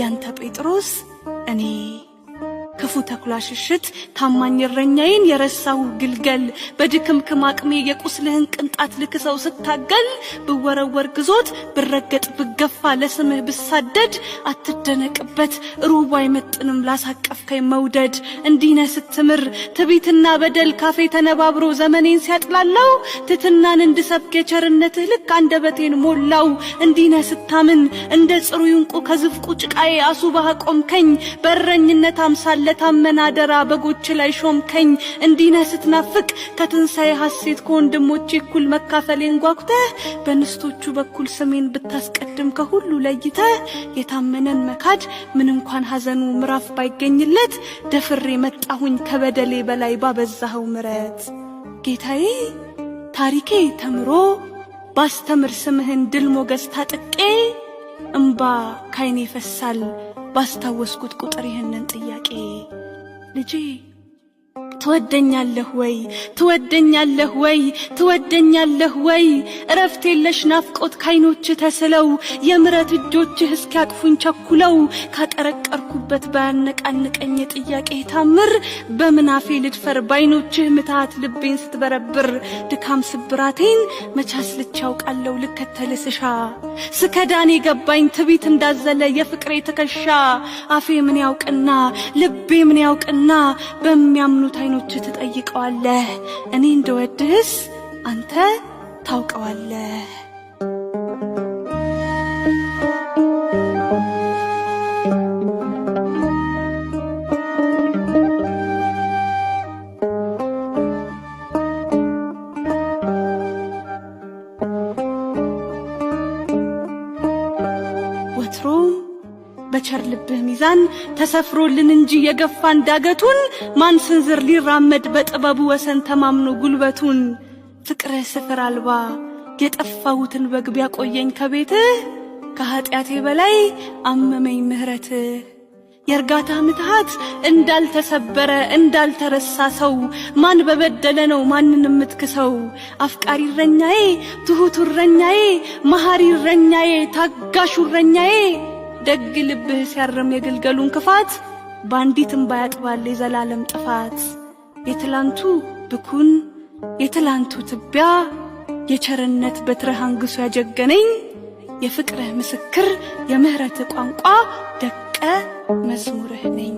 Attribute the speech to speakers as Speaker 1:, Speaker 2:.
Speaker 1: ያንተ ጴጥሮስ እኔ ክፉ ተኩላ ሽሽት ታማኝ እረኛዬን የረሳው ግልገል በድክምክም አቅሜ የቁስልህን ቅንጣት ልክሰው ስታገል ብወረወር ግዞት ብረገጥ ብገፋ ለስምህ ብሳደድ አትደነቅበት ሩቡ አይመጥንም ላሳቀፍከኝ መውደድ እንዲነ ስትምር ትቢትና በደል ካፌ ተነባብሮ ዘመኔን ሲያጥላለው ትትናን እንድሰብክ የቸርነትህ ልክ አንደበቴን ሞላው እንዲነ ስታምን እንደ ጽሩ ይንቁ ከዝፍቁ ጭቃዬ አሱባህ ቆምከኝ በረኝነት አምሳለ ለታመና አደራ በጎች ላይ ሾምከኝ እንዲነ ስትናፍቅ ከትንሣኤ ሐሴት ከወንድሞቼ እኩል መካፈሌን ጓጉተህ በንስቶቹ በኩል ስሜን ብታስቀድም ከሁሉ ለይተህ የታመነን መካድ ምን እንኳን ሐዘኑ ምዕራፍ ባይገኝለት ደፍሬ መጣሁኝ ከበደሌ በላይ ባበዛኸው ምረት ጌታዬ ታሪኬ ተምሮ ባስተምር ስምህን ድል ሞገስ ታጥቄ እምባ ካይኔ ይፈሳል ባስታወስኩት ቁጥር ይህንን ጥያቄ 这。ትወደኛለህ ወይ ትወደኛለህ ወይ ትወደኛለህ ወይ? እረፍት የለሽ ናፍቆት ካይኖች ተስለው የምረት እጆችህ እስኪያቅፉኝ ቸኩለው ካቀረቀርኩበት ባያነቃንቀኝ የጥያቄ ታምር በምናፌ ልድፈር ባይኖችህ ምታት ልቤን ስትበረብር ድካም ስብራቴን መቻስ ያውቃለሁ ልከተል ስሻ ስከዳኔ ገባኝ ትቢት እንዳዘለ የፍቅሬ ትከሻ አፌ ምን ያውቅና ልቤ ምን ያውቅና በሚያምኑት በዐይኖች ትጠይቀዋለህ። እኔ እንደወድህስ አንተ ታውቀዋለህ። ወትሮም በቸር ልብህ ሚዛን ተሰፍሮልን እንጂ የገፋን ዳገቱን ማን ስንዝር ሊራመድ በጥበቡ ወሰን ተማምኖ ጉልበቱን ፍቅርህ ስፍር አልባ የጠፋሁትን በግ ቢያቆየኝ ከቤትህ ከኀጢአቴ በላይ አመመኝ ምሕረትህ የእርጋታ ምትሃት እንዳልተሰበረ እንዳልተረሳ ሰው ማን በበደለ ነው ማንን የምትክሰው? አፍቃሪ እረኛዬ፣ ትሑቱ እረኛዬ፣ መሐሪ እረኛዬ፣ ታጋሹ እረኛዬ ደግ ልብህ ሲያርም የግልገሉን ክፋት በአንዲት እምባ ያጥባል የዘላለም ጥፋት። የትላንቱ ብኩን የትላንቱ ትቢያ የቸርነት በትረህ አንግሶ ያጀገነኝ የፍቅርህ ምስክር የምህረት ቋንቋ ደቀ መዝሙርህ ነኝ።